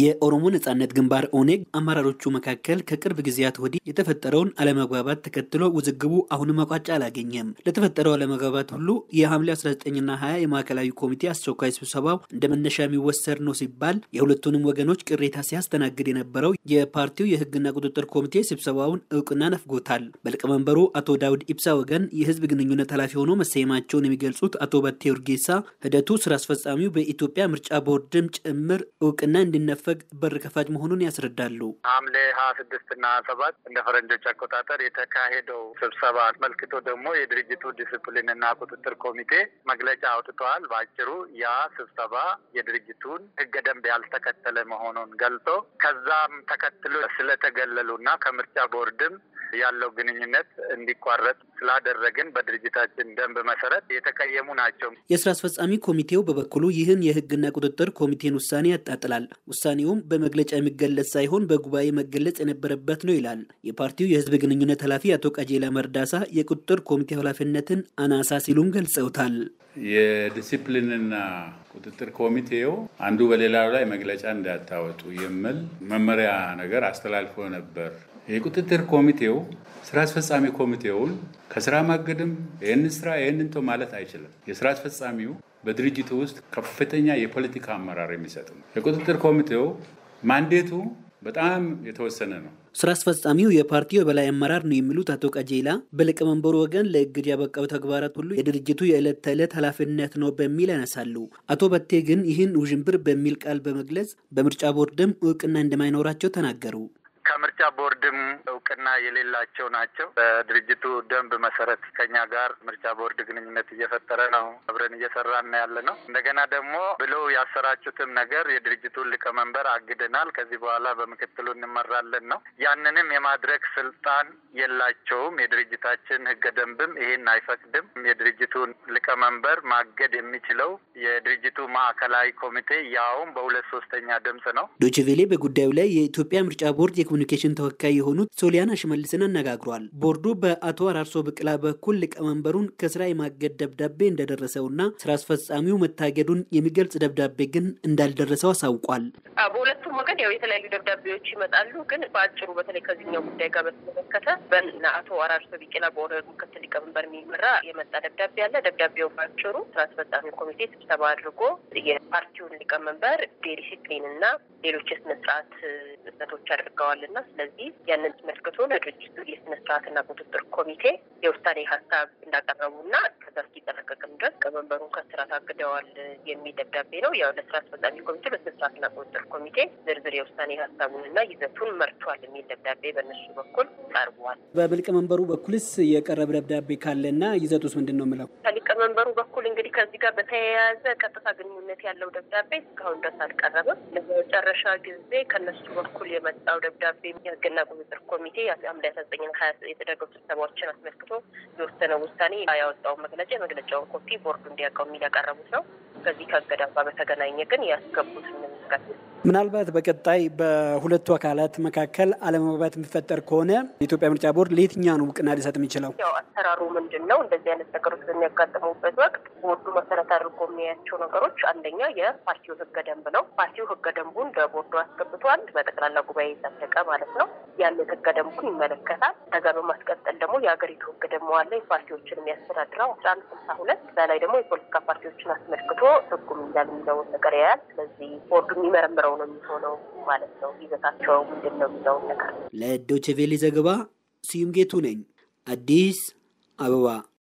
የኦሮሞ ነጻነት ግንባር ኦኔግ አመራሮቹ መካከል ከቅርብ ጊዜያት ወዲህ የተፈጠረውን አለመግባባት ተከትሎ ውዝግቡ አሁንም መቋጫ አላገኘም። ለተፈጠረው አለመግባባት ሁሉ የሐምሌ 19ና 20 የማዕከላዊ ኮሚቴ አስቸኳይ ስብሰባው እንደ መነሻ የሚወሰድ ነው ሲባል የሁለቱንም ወገኖች ቅሬታ ሲያስተናግድ የነበረው የፓርቲው የህግና ቁጥጥር ኮሚቴ ስብሰባውን እውቅና ነፍጎታል። በሊቀመንበሩ አቶ ዳውድ ኢብሳ ወገን የህዝብ ግንኙነት ኃላፊ ሆኖ መሰየማቸውን የሚገልጹት አቶ ባቴ ኡርጌሳ ሂደቱ ስራ አስፈጻሚው በኢትዮጵያ ምርጫ ቦርድም ጭምር እውቅና እንዲነፈ ለማፈግፈግ በር ከፋጅ መሆኑን ያስረዳሉ። ሐምሌ ሀያ ስድስት ና ሀያ ሰባት እንደ ፈረንጆች አቆጣጠር የተካሄደው ስብሰባ አስመልክቶ ደግሞ የድርጅቱ ዲስፕሊን እና ቁጥጥር ኮሚቴ መግለጫ አውጥተዋል። በአጭሩ ያ ስብሰባ የድርጅቱን ህገ ደንብ ያልተከተለ መሆኑን ገልጾ ከዛም ተከትሎ ስለተገለሉ እና ከምርጫ ቦርድም ያለው ግንኙነት እንዲቋረጥ ስላደረግን በድርጅታችን ደንብ መሰረት የተቀየሙ ናቸው። የስራ አስፈጻሚ ኮሚቴው በበኩሉ ይህን የህግና ቁጥጥር ኮሚቴን ውሳኔ ያጣጥላል። ውሳኔውም በመግለጫ የሚገለጽ ሳይሆን በጉባኤ መገለጽ የነበረበት ነው ይላል። የፓርቲው የህዝብ ግንኙነት ኃላፊ አቶ ቀጀላ መርዳሳ የቁጥጥር ኮሚቴው ኃላፊነትን አናሳ ሲሉም ገልጸውታል። የዲሲፕሊንና ቁጥጥር ኮሚቴው አንዱ በሌላው ላይ መግለጫ እንዳታወጡ የሚል መመሪያ ነገር አስተላልፎ ነበር። የቁጥጥር ኮሚቴው ኮሚቴው ስራ አስፈጻሚ ኮሚቴውን ከስራ ማገድም ይህንን ስራ ይህንን ተው ማለት አይችልም። የስራ አስፈጻሚው በድርጅቱ ውስጥ ከፍተኛ የፖለቲካ አመራር የሚሰጥ ነው። የቁጥጥር ኮሚቴው ማንዴቱ በጣም የተወሰነ ነው። ስራ አስፈጻሚው የፓርቲው የበላይ አመራር ነው የሚሉት አቶ ቀጀላ በሊቀመንበሩ ወገን ለእግድ ያበቃው ተግባራት ሁሉ የድርጅቱ የዕለት ተዕለት ኃላፊነት ነው በሚል ያነሳሉ። አቶ በቴ ግን ይህን ውዥንብር በሚል ቃል በመግለጽ በምርጫ ቦርድም እውቅና እንደማይኖራቸው ተናገሩ። ከምርጫ ቦርድም እውቅና የሌላቸው ናቸው። በድርጅቱ ደንብ መሰረት ከኛ ጋር ምርጫ ቦርድ ግንኙነት እየፈጠረ ነው። አብረን እየሰራን ያለ ነው። እንደገና ደግሞ ብለው ያሰራጩትም ነገር የድርጅቱን ሊቀመንበር አግደናል፣ ከዚህ በኋላ በምክትሉ እንመራለን ነው። ያንንም የማድረግ ስልጣን የላቸውም። የድርጅታችን ህገ ደንብም ይሄን አይፈቅድም። የድርጅቱን ሊቀመንበር ማገድ የሚችለው የድርጅቱ ማዕከላዊ ኮሚቴ ያውም በሁለት ሶስተኛ ድምፅ ነው። ዶችቬሌ በጉዳዩ ላይ የኢትዮጵያ ምርጫ ቦርድ የኮሚኒ ኮሚኒኬሽን ተወካይ የሆኑት ሶሊያና ሽመልስን አነጋግሯል። ቦርዱ በአቶ አራርሶ ብቅላ በኩል ሊቀመንበሩን ከስራ የማገድ ደብዳቤ እንደደረሰውና ስራ አስፈጻሚው መታገዱን የሚገልጽ ደብዳቤ ግን እንዳልደረሰው አሳውቋል። በሁለቱም ወገን ያው የተለያዩ ደብዳቤዎች ይመጣሉ። ግን በአጭሩ በተለይ ከዚህኛው ጉዳይ ጋር በተመለከተ በና አቶ አራርሶ ቢቅላ በኦነግ ምክትል ሊቀመንበር የሚመራ የመጣ ደብዳቤ አለ። ደብዳቤው በአጭሩ ስራ አስፈጻሚ ኮሚቴ ስብሰባ አድርጎ የፓርቲውን ሊቀመንበር ዲሲፕሊን እና ሌሎች የስነ ስርዓት አድርገዋል አድርገዋልና ስለዚህ ያንን አስመልክቶ ለድርጅቱ የስነ ስርዓትና ቁጥጥር ኮሚቴ የውሳኔ ሀሳብ እንዳቀረቡ እንዳቀረቡና ከዛ እስኪጠናቀቅም ድረስ ከመንበሩን ከስራ ታግደዋል የሚል ደብዳቤ ነው። ያው ለስራ አስፈጻሚ ኮሚቴ ለስነ ስርዓትና ቁጥጥር ኮሚቴ ዝርዝር የውሳኔ ሀሳቡን ሀሳቡንና ይዘቱን መርቷል የሚል ደብዳቤ በእነሱ በኩል ቀርቧል። በሊቀመንበሩ በኩልስ የቀረበ ደብዳቤ ካለ ካለና ይዘቱስ ምንድን ነው የምለው ከሊቀመንበሩ በኩል እንግዲህ ከዚህ ጋር በተያያዘ ቀጥታ ግንኙነት ያለው ደብዳቤ እስካሁን ድረስ አልቀረበም። ለመጨረሻ ጊዜ ከነሱ በኩል የመጣው ደብዳቤ የህግና ቁጥጥር ኮሚቴ ሐምሌ አስራ ዘጠኝና ሀያ የተደረገው ስብሰባዎችን አስመልክቶ የወሰነ ውሳኔ ያወጣውን መግለጫ የመግለጫውን ኮፒ ቦርዱ እንዲያውቀው የሚል ያቀረቡት ነው። ከዚህ ከገዳባ በተገናኘ ግን ያስገቡት ምናልባት በቀጣይ በሁለቱ አካላት መካከል አለመግባባት የሚፈጠር ከሆነ የኢትዮጵያ ምርጫ ቦርድ ለየትኛ ነው እውቅና ሊሰጥ የሚችለው? ያው አሰራሩ ምንድን ነው? እንደዚህ አይነት ነገሮች በሚያጋጥሙ በሚያቀርቡበት ወቅት ቦርዱ መሰረት አድርጎ የሚያያቸው ነገሮች አንደኛ የፓርቲው ህገ ደንብ ነው። ፓርቲው ህገ ደንቡን ለቦርዱ አስገብቷል። በጠቅላላ ጉባኤ ጸደቀ ማለት ነው። ያንን ህገ ደንቡን ይመለከታል። ከዛ በማስቀጠል ደግሞ የሀገሪቱ ህገ ደግሞ አለ። የፓርቲዎችን የሚያስተዳድረው አስራ አንድ ስልሳ ሁለት እዛ ላይ ደግሞ የፖለቲካ ፓርቲዎችን አስመልክቶ ህጉም እንዳል የሚለውን ነገር ያያል። ስለዚህ ቦርዱ የሚመረምረው ነው የሚሆነው ማለት ነው። ይዘታቸው ምንድን ነው የሚለውን ነገር ለዶቼ ቬሌ ዘገባ ስዩም ጌቱ ነኝ፣ አዲስ አበባ።